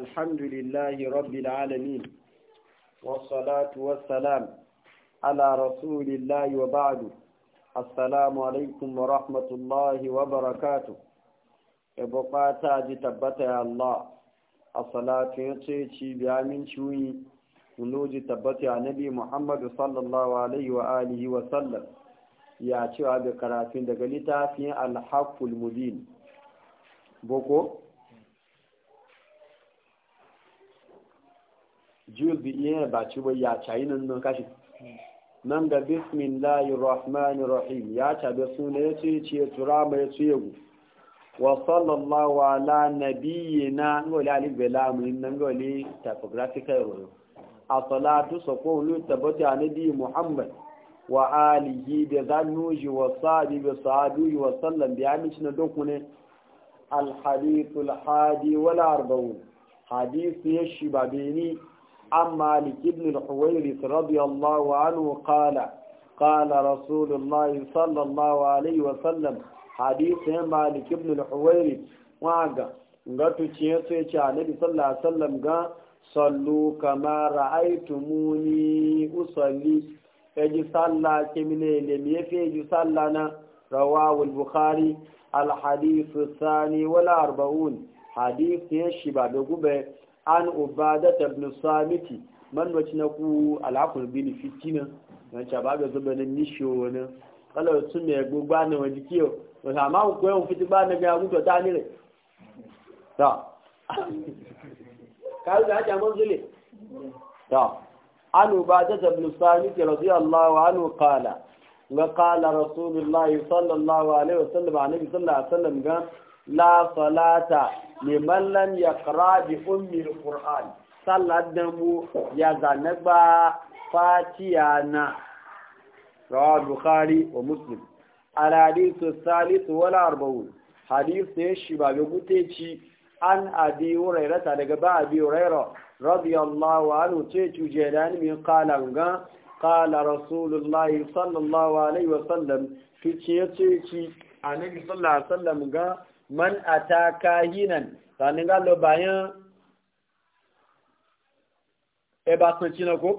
الحمد لله رب العالمين والصلاة والسلام على رسول الله وبعد السلام عليكم ورحمة الله وبركاته يبقى تاجي تبتها الله الصلاة يتشي بأمين شوي ونوجي تبتها نبي محمد صلى الله عليه وآله وسلم يا شو كراتين دقلتا في الحق المدين بوكو jiwul bi iya ba ci ba ya cayi nan nan kashi nan ga bismillahir rahmanir rahim ya da suna ya ce ce tura mai tsuyagu wa sallallahu ala nabiyyina ngoli alif bela mun nan ngoli typographical royo a salatu sako lu tabata nabi muhammad wa alihi da zannuji wa sahabi bi sahabi wa sallam bi shi na dokune al hadith al hadi wal arbaun hadith ya shibabini عن مالك بن الحويرث رضي الله عنه قال قال رسول الله صلى الله عليه وسلم حديث مالك بن الحويرث وعقا ngatu ce ya ce annabi sallallahu alaihi wasallam ga sallu kama ra'aytumuni usalli yaji sallah ke mine le me yafi yaji sallah na rawahu al-bukhari al-hadith ath-thani wal arba'un hadith ya shi da gube an ubada bin samiti man wace na ku alakun bin fitina nan cha baga zuba na nisho wani kalar su ne gbogbo na wani kiyo wata ma ku yau fiti ba na ga mutu ta nire ta kayu da ta mun zule ta an ubada bin samiti radiyallahu anhu qala ga kala rasulullahi sallallahu alaihi wasallam annabi sallallahu alaihi wasallam ga la salata liman lam yaqra bi ummi alquran sallar da mu ya zane ba fatiya na rawar bukhari wa muslim alhadisu salisu wala arba'un hadisu ya shi ba ga guteci an abi hurairata daga ba abi huraira radiyallahu anhu ce cuje da ni min qala ga qala rasulullahi sallallahu alaihi wasallam kici ya ce ci annabi sallallahu alaihi wasallam ga man ata kahinan sanin lo bayan e ba sun ci na fa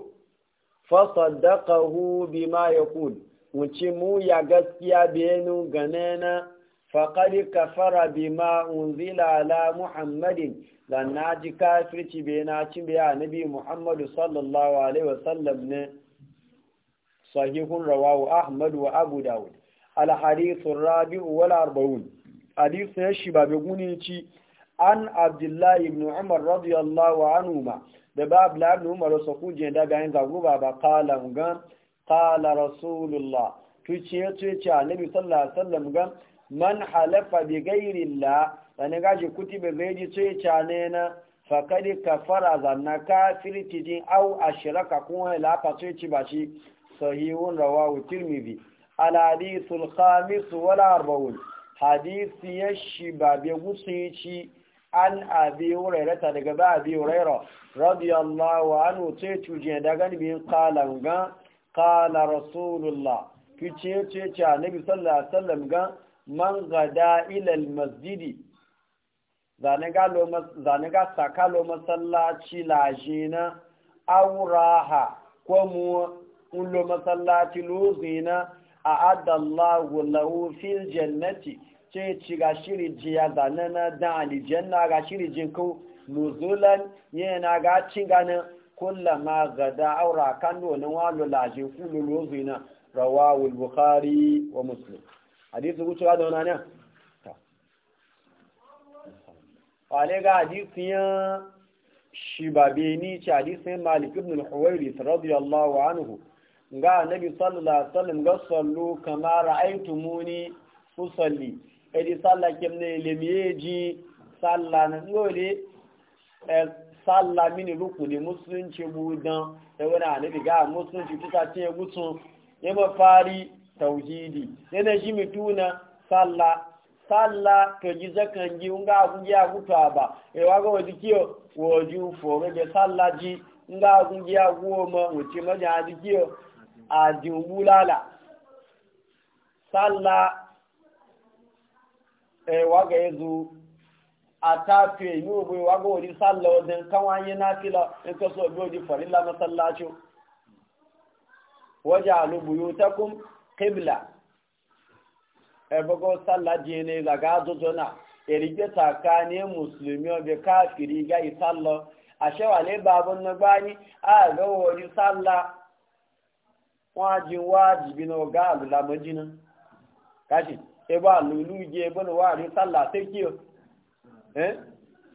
fasaddaqahu bima yaqul wuce mu ya gaskiya benu ganena faqad kafara bima unzila ala muhammadin dan naji kafirci be na ci be annabi sallallahu alaihi wasallam ne sahihun rawahu ahmad wa abu daud al hadith ar-rabi' wal arba'un hadisi ya shi ba an abdullahi ibn umar radiyallahu anhu ma da umar su ku je da bayan zagu qala ga qala rasulullah tu ce ce ce annabi sallallahu alaihi wasallam ga man halafa bi ghairi allah dan kutibe gaji ce ce ne na fakadi kafara zanna kafirti din au ashraka kun la fa ce sahihun al wal arba'un hadisi ya shi ba bai gusici an abi ta daga ba abi huraira radiyallahu anhu ce tuje da ganibin kalan ga kala rasulullah ki ce ce ce annabi sallallahu alaihi wasallam ga man gada ila masjidi zane ga lo masallaci jina, auraha ko mu lo masallaci lozina a adallahu lahu fil jannati ce ci ga shiri ji ya zane na dan na ga shiri jin ku nuzulan yana ga ci ganin kullama ga da'aura kan donin walo laje kulu lozina rawawul bukhari wa muslim hadisi wucewa da wani wale ga ni ci ce ya maliki ibn al-huwairis radiyallahu anhu ga nabi sallallahu alaihi wasallam ga sallu kama su usalli edi sallah kemne lemiyeji sallah na dole sallah mini rukuni musulunci budan da e wani anabi ga musulunci tuta ce gutsun ya ma mafari tauhidi yana shi mituna Salla, Salla to ji zakan ji nga agun ji aguta ba e wa ga wadi kiyo woju foro be Salla ji nga a agun ma aguoma wuce maja ji kiyo a bulala Salla. Eh, waga ya zo a tafi yi obi waga wani salla wajen kawai yi na fila in ka so biyo di farilla masallacin waje alubuyu ta kun kibla ẹgbogbo eh, salla ji ne zaga azozo na erige tsakanin musulmi obi kafiri ga isallo a ṣewa ne babun na gbani a ga wani salla wajin wajibi na ga alulamajinin kashi eba lulu je bana wa ri salla sai kiyo eh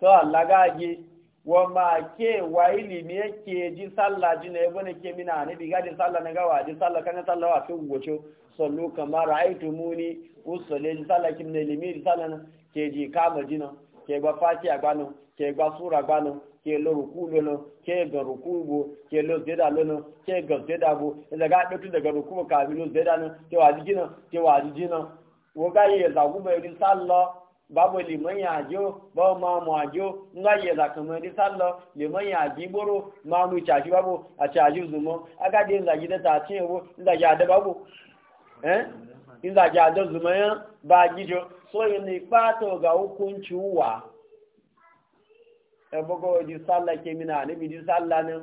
so Allah ga je wa ma ke wa ilimi yake ji salla ji ne bana ke mina ne bi ga ji salla na ga wa gawa ji salla kana salla wa fi gocho sallu kama ra'aytumuni usalli ji salla kin ne limi ji salla na ke ji kama jina ke ba fati agbanu ke gba sura agbanu ke lo ruku lono ke ga ruku bo ke lo zeda lono ke ga zeda bo daga dutu daga ruku ka bi lo zeda no ke wa ji jina ke wa ji jina woga ye za guba ri sallo babu liman ya jo ba ma mu ajo nga ye za kuma ri sallo liman ya ji boro ma mu chaji babu a chaji zumo aga de za gida ta tin wo nda ya da babu eh nda ya da zumo ya ba gijo so yin ni pato ga hukunci wa e bogo di salla ke mina ne bi di salla ne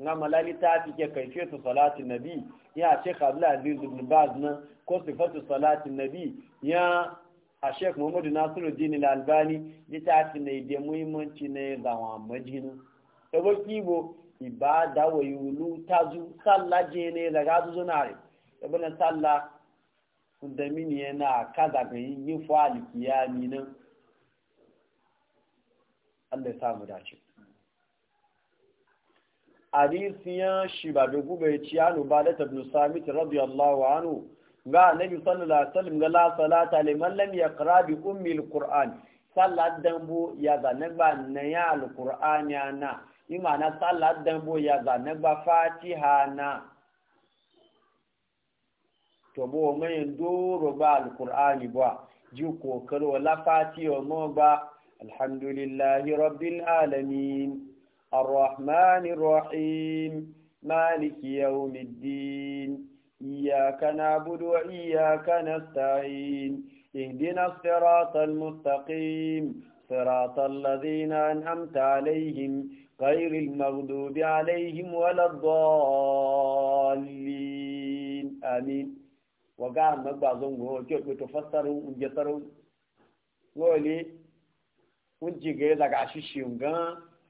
nga malali ta fi ke kai fe to salatu nabi ya shekh abdul aziz ibn baz na ko sifatu salatin nabi ya a sheik muhammadu nasiruddin albani ta littafi ne da muhimmanci ne zawa majina ebo kibo ibada wa yulu tazu salla je ne daga zuzo na re ebo na salla da mini yana kaza ga yin fa alkiyami nan Allah ya samu dace hadisiyan shi ba bai gube ya ci anu ba da tabnu samit radiyallahu anhu ga annabi sallallahu alaihi wasallam ga la salata liman lam yaqra bi ummi alquran sallat bo ya ga nagba na ya alquran ya na imana sallat bo ya ga nagba fatiha na to bo mai ndoro ba alqurani ba ji kokaro la fatiha mo ba alhamdulillahi rabbil alamin arrahmanir rahim maliki yawmiddin الدين إياك نعبد وإياك نستعين اهدنا الصراط المستقيم صراط الذين أنعمت عليهم غير المغضوب عليهم ولا الضالين آمين وقال مقبعضهم هو كيف تفسروا وجسروا قولي ونجي قيدك عشيشي ونقام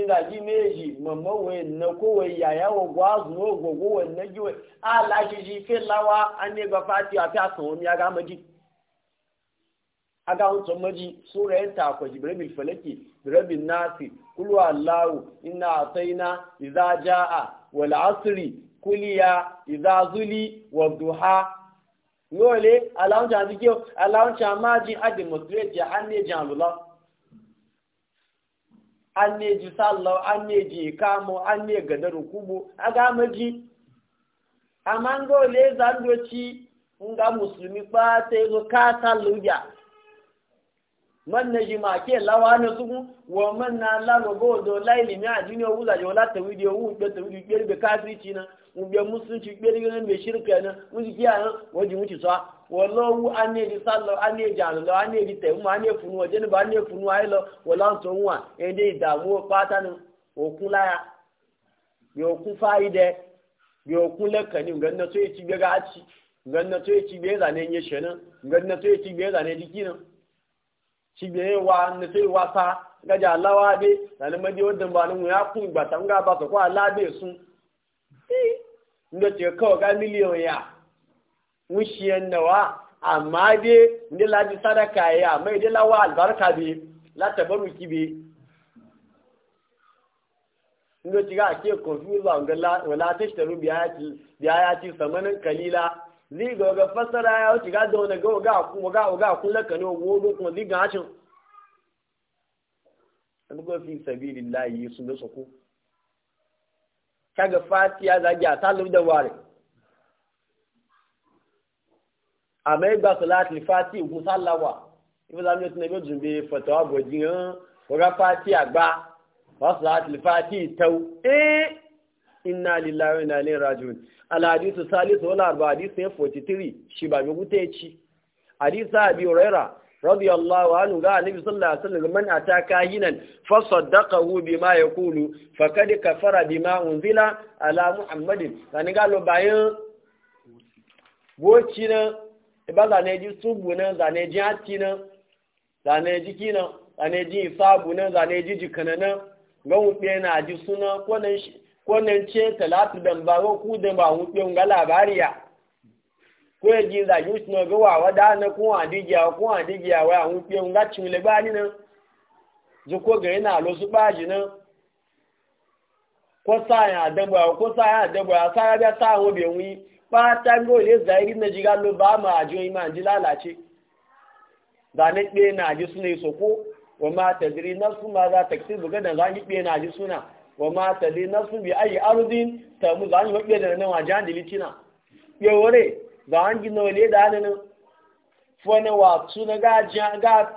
ìdàjí m meji wẹ̀ nà kó wẹ̀ yàyà ya gbọ́ àzùn ó gbogbo wẹ̀ nẹ́jì wẹ̀ aláṣiṣi fẹ́ a fi àtàn omi agámọ́jì agáhùn tọmọ́jì sóra ẹ̀ ta àkọ́jì bẹ̀rẹ̀ bí fẹ̀lẹ́kì bẹ̀rẹ̀ bí náàsì kúlù aláwù wali asiri ìdájá à wọ̀lá àṣírí kúlíya ìdázúlí an ne ji sallau an ne ji kamo an ne gada rukubu a gama ji amma ga zandoci ga musulmi ba ta yi ka sallu ya man na ji make lawa na sugu wa man na lalo go do laili mi ajini o wula jo lati video wu gbe to video gbe be ci na mu be musunci gbe ni ne be shirka na mu ji kiya na ji mu ci sa wallahu anne di sallo anne jalo lo anne di te mu anne funu o jeni ba anne funu ai lo wala to wa e de da mu pata nu okun laya bi okun faide bi okun lekan ni ngan na so e ti gbe ga ci ngan na so e ti gbe za ne nye shenan ngan na so e ci gbe za ne dikina cibiyayi wa na sai wasa gaja alawa be sani madi wadda ba nan ya kun ba ta nga ba ka kwa alabe sun ndo ce kawai ga miliyon ya wushiyan wa amma dai inda laji sadaka ya mai de lawa albarka be la ki be ndo ci ga ke confuse ga wala ta shi ta rubi ya ci samanin kalila liga ga fasara ya wuce ga da wani ga kuma ga ga kun laka ne wo go kuma liga hacin an go fi sabilillahi yesu da soko kaga fatiya za ga ta da ware amma ga salat li fati go sallawa ibo da ne tunabe jumbe fatawa bojin eh, ko ga fatiya ba wa salat fati tau eh inna lillahi wa inna ilaihi raji'un al hadithu salisu wal arba hadithu 43 shi ba mi gute ci hadisa abi uraira radiyallahu anhu ga annabi sallallahu alaihi wasallam man ataka hinan fa saddaqahu bima yaqulu kad kafara bima unzila ala muhammadin kan ga lo bayan woci na e ba za ne ji subu na za ne ji hati na za ne ji kina za ne ji sabu na za ne ji jikana na ga wuɗe na ji suna ko nan shi Ko nan ce talatu dan ba ko ku da ba mu ɗin ga labariya ko ya ji za yusu na ga wawa da na kun adigiya a adigiya wa mu ɗin ga cin le ba ni nan ji ko ga yana lo su baji nan ko sa ya da ba ko sa ya da ba sa ya sa wo be wi ba ta go le zairi na jiga lo ba ma ajo ima ji lalace da ne ɗe na ji suna yi ko wa ma tadri nafsu ma za ta kisi buga da za ki ɗe na ji suna wa ma ta dai nasu bi ayi arzin ta mu zan yi wabe da nan wajen dilitina yawore za an gina le da hannun fone wa su na ga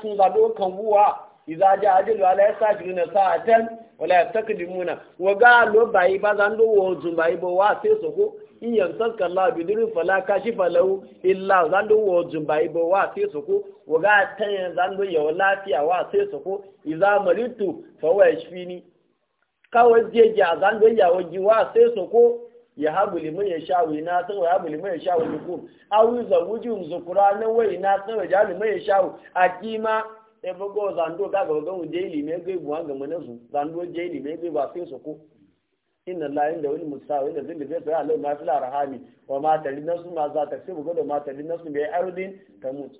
tun zaɓe kan buwa iza ji ajilu ala ya sa shirin na sa'atan wala ya saka dimuna wa ga lo bayi ba zan do wo zun bayi ba wa sai so ko in yamsaka la bi durin fala kashifa lahu illa zan do wo zun bayi ba wa sai so ko wa ga tan zan do yawa lafiya wa sai so ko iza maritu fa wa yashfini kawai ji a zan don yawon giwa sai so ko ya habu liman ya sha wuyi na san wa habu liman ya sha wuyi ku awu za wuju zukura na wai na san wa jalu mai ya sha a kima e bugo zando ga ga ga wuje ili mai ga ibu hanga mana su zando je ili mai ga ba sai so ko inna layin inda wani musawi da zin da zai tsaya Allah ma fi rahami wa ma tali nasu ma za ta sai bugo da ma tali nasu bai ardin ta mutu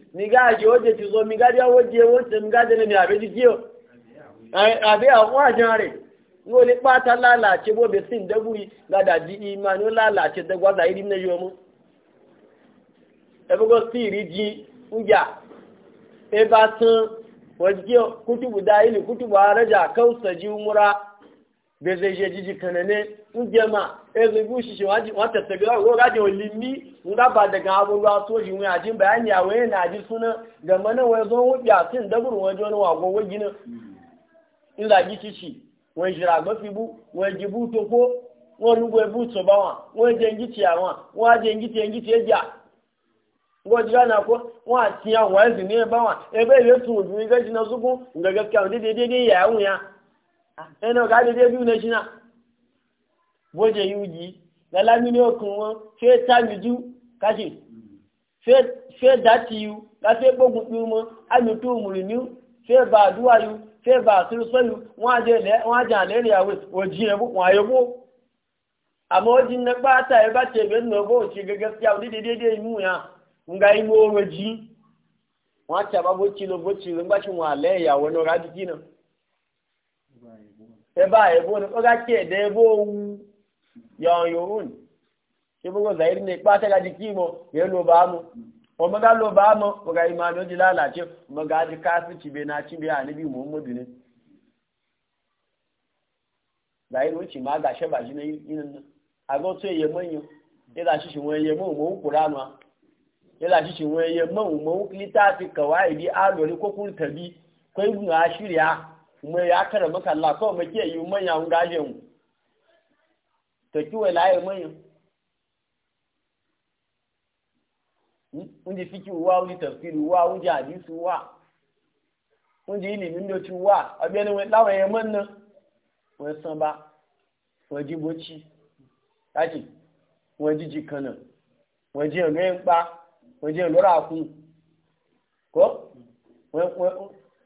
mi gáàjì ó jẹ ti sọ mi gáàjì ó jẹ ó tẹ mi gáàjì ní Abe àbẹ́jì jí o àbí àwọn àjọ rẹ̀ ní o lè pátá lálàáṣẹ́ di ìmá ní ó lálàáṣẹ́ dẹ́gbù àgbà yìí nínú yọmú ẹgbẹ́gbẹ́ sí ìrí jí ń jà ẹ bá tán wọ́n jí bezeje jiji kanane ngema ezubu shishi waji wata tagara ko gaje olimi nga ba daga abuwa to ji mu ajin bayani a waye na ji suna ga mana waye zo wuya tin daburu buru waje wani wago waji ne in da ji cici wai jira ga fibu wai jibu to ko won lugo e buto ba wa won je ngi ti àwọn won je ngi ti ngi ti eja ngo jira na ko won ti àwọn ezi ni e ba wa ebe ile tun obi ga jina sugun nga gaskiya dede dede ya ya ẹnu ọ̀gá dédé bí ilé ṣíná bójẹ yìí yìí lálámi ní okùn wọn fẹ́ tàbí jú káṣì fẹ́ dátì yìí láti gbógun pín wọn àmì tó mùrì ní fẹ́ bá àdúrà yìí fẹ́ bá àtúrò sọ́yìn wọ́n àjẹ́ àlẹ́rìí àwẹ̀ òjì ẹ̀bù wọn àyẹ̀wò àmọ́ ó di nípa àtà ẹ̀ bá tẹ̀wé nù ọgbọ́ òṣì gẹ́gẹ́ sí àwọn dídé dédé imú yà ń ga imú orò jí àti àbábó tí lọ bó ti lọ ń gbáṣẹ́ wọn àlẹ́ ìyàwó náà rájú náà eba ebo ni oga ke ebe owu. Ya yon yorun ṣe gbogbo zahiri ne ipa tẹ́ka di kí mo yẹ lo bá mu ga lo ọga ìmọ̀ ló di lálàáṣẹ́ ọmọ ga di káàsì tìbẹ̀ náà tìbẹ̀ à níbi muhammadu ne zahiri ó ti máa gà ṣẹ́ bàjí ní inú náà àgọ́ tó ẹ̀yẹ mọ́yìn yẹ́dà ṣíṣe wọn ẹ̀yẹ mọ́ a yẹ́dà ṣíṣe wọn ẹ̀yẹ mọ́ òmò òkú lítà ti kàwáì di àlọ́rí kókó tàbí kó ibùn àṣírí mai ya kara maka Allah kawai muke yi manya mun gaje mu to kiwa laye manya unji fiki wa unji tafsiri wa unji hadisi wa unji ilimin doci wa abiyanu wani lawa ya manna wai san ba waji boci taki waji jikana waji ga pa waji lora ku ko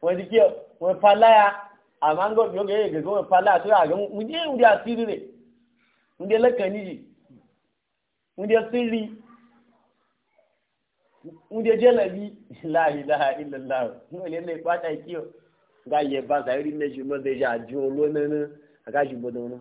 waji kiyo wani falaya. amma ga wani yoga ga goma fala to ya ga mu je mu da asiri ne mu da lakani mu da sirri mu da jalabi la ilaha illallah mu ne ne kwata kiyo ga ye ba zairi ne shi mo zai ja ju lo ne ne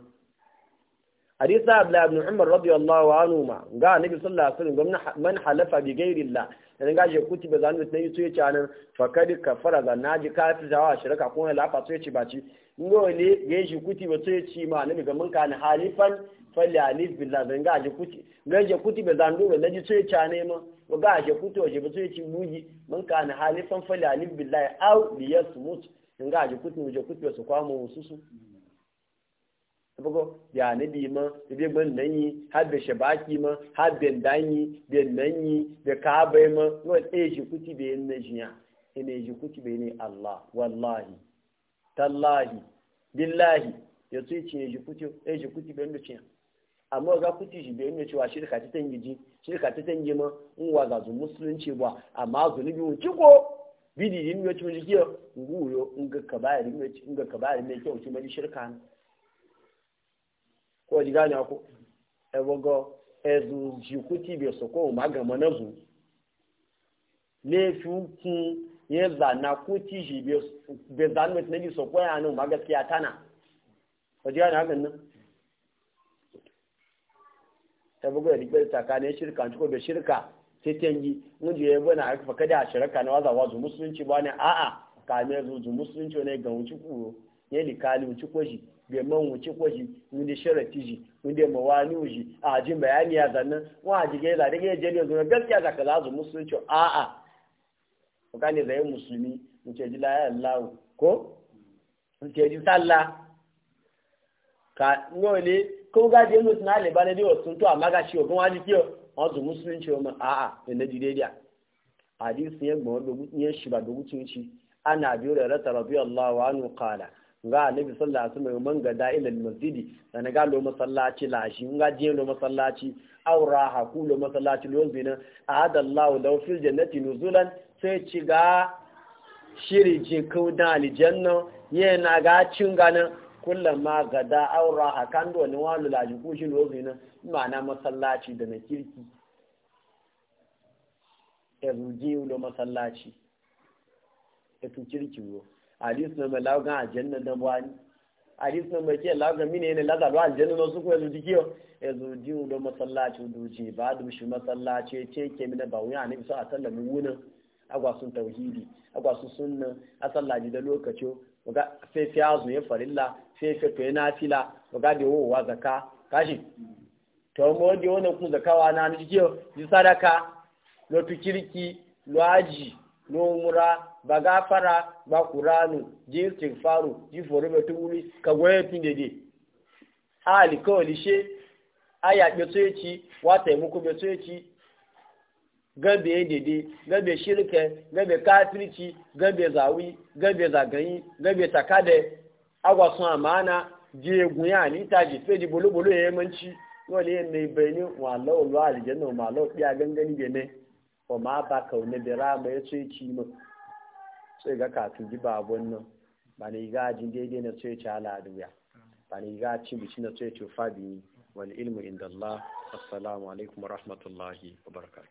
hadisi abla ibn umar radiyallahu anhu ma ga annabi sallallahu alaihi wasallam man halafa bi ghairillah dan ga je kuti ba zanu sai yace yace anan fa kad kafara da naji kafir jawa shirka ko la fa sai yace baci ngole ga shi kuti ba sai yace ma annabi ga mun kana halifan falli alif billah dan ga je kuti ga je kuti ba zanu ba naji sai yace ne ma ga je kuti waje ba sai yace buji mun kana halifan falli alif billah au liyasmut dan ga je kuti waje kuti ba su kwamo su bugo ya nabi ma da bi gban nan yi har da shabaki ma har da dan yi da nan yi da ka bai ma no e shi kuti be yin na jiya ene shi kuti be ne Allah wallahi tallahi billahi ya tsi ci shi kuti e shi kuti be ne ciya amma ga kuti shi be ne cewa shirka ta tangiji shirka ta tangi ma in wa ga musulunci ba amma zunubi mu ciko bidi din ne ciwo jikiyo nguyo in ga kabari ne in ga kabari ne kyau ci mai shirka ne ko ji gane ku e wogo e du ji ku ti bi so ko ma ga mo na zu le fu za na ku ti ji bi be za e na ne ji so ko ya no ma ga ti atana ko ji gane hakan nan e wogo e di pe ta ka ne shirka ko be shirka sai tangi mun je yabo na aka e kada a shirka na waza wazu musulunci ba ne a'a ka ne zuzu musulunci ne e ga wuci kuro ne likali wuci koji bai man wuce kwashi wunde sharafi shi wunde mawani wushi a jin bayani ya zannan wa a jigai za daga yajen yanzu na gaskiya za ka za su a'a ku gane zai musulmi wuce ya laya ko wuce ji sallah ka ngole ko ga je musu na le bane dio sun to amma ga shi ogun wa ji kiyo ma a'a ne na jidediya hadisi ya gbon do gutiyar shi ba do gutiyar shi ana biyo da rata rabbi Allah anu qala nga annabi sallallahu alaihi wasallam man gada ila masjidi sana ga lo masallaci lashi nga je lo masallaci aw raha ku lo masallaci lo zina ahada allah law fil jannati nuzulan sai ci ga shiri je kauda aljanna yana ga cin ganin kullama da aw raha kan do ni walu lashi ku shi lo zina ma'ana masallaci da na kirki ya ruji lo masallaci ya tu kirki wo hadisi na mai laugan aljanna da wani hadisi na mai ke laugan mini ne lazaro aljanna na su kuwa yanzu dikiyo yanzu diyu da masallaci duci ba da shi masallaci ce ke mina ba wuya ne bisa a sallami wunan agwasun tauhidi agwasun sunna a asallaji da lokaci ga sai fiya zuye farilla sai ka kai na fila ga da wa zaka kashi to mo di kun ku zakawa na ni dikiyo ji sadaka lo tukirki lo aji lo umra ba gafara ba kuranu ji istighfaru ji forobe tuwuri ka goye tindede a kawai she aya be so yaci wata yi muku be so yaci gabe dede gabe shirka gabe kafirci gabe zawi gabe zagayi gabe takade agwa sun amana ji egun ya ni ta ji fe di bolobolo ya yamanci wani yin mai bayani wa lawal wa alijanna wa lawal ya gangani bene wa ma ba kaune bera ma so yaci mai sai ga kafin giba abun nan ba ne ga ajin daidai na sai ala al'aduya ba ne ga cin bici na sai ce fabi wani ilmu inda Allah assalamu alaikum wa rahmatullahi wa barakatu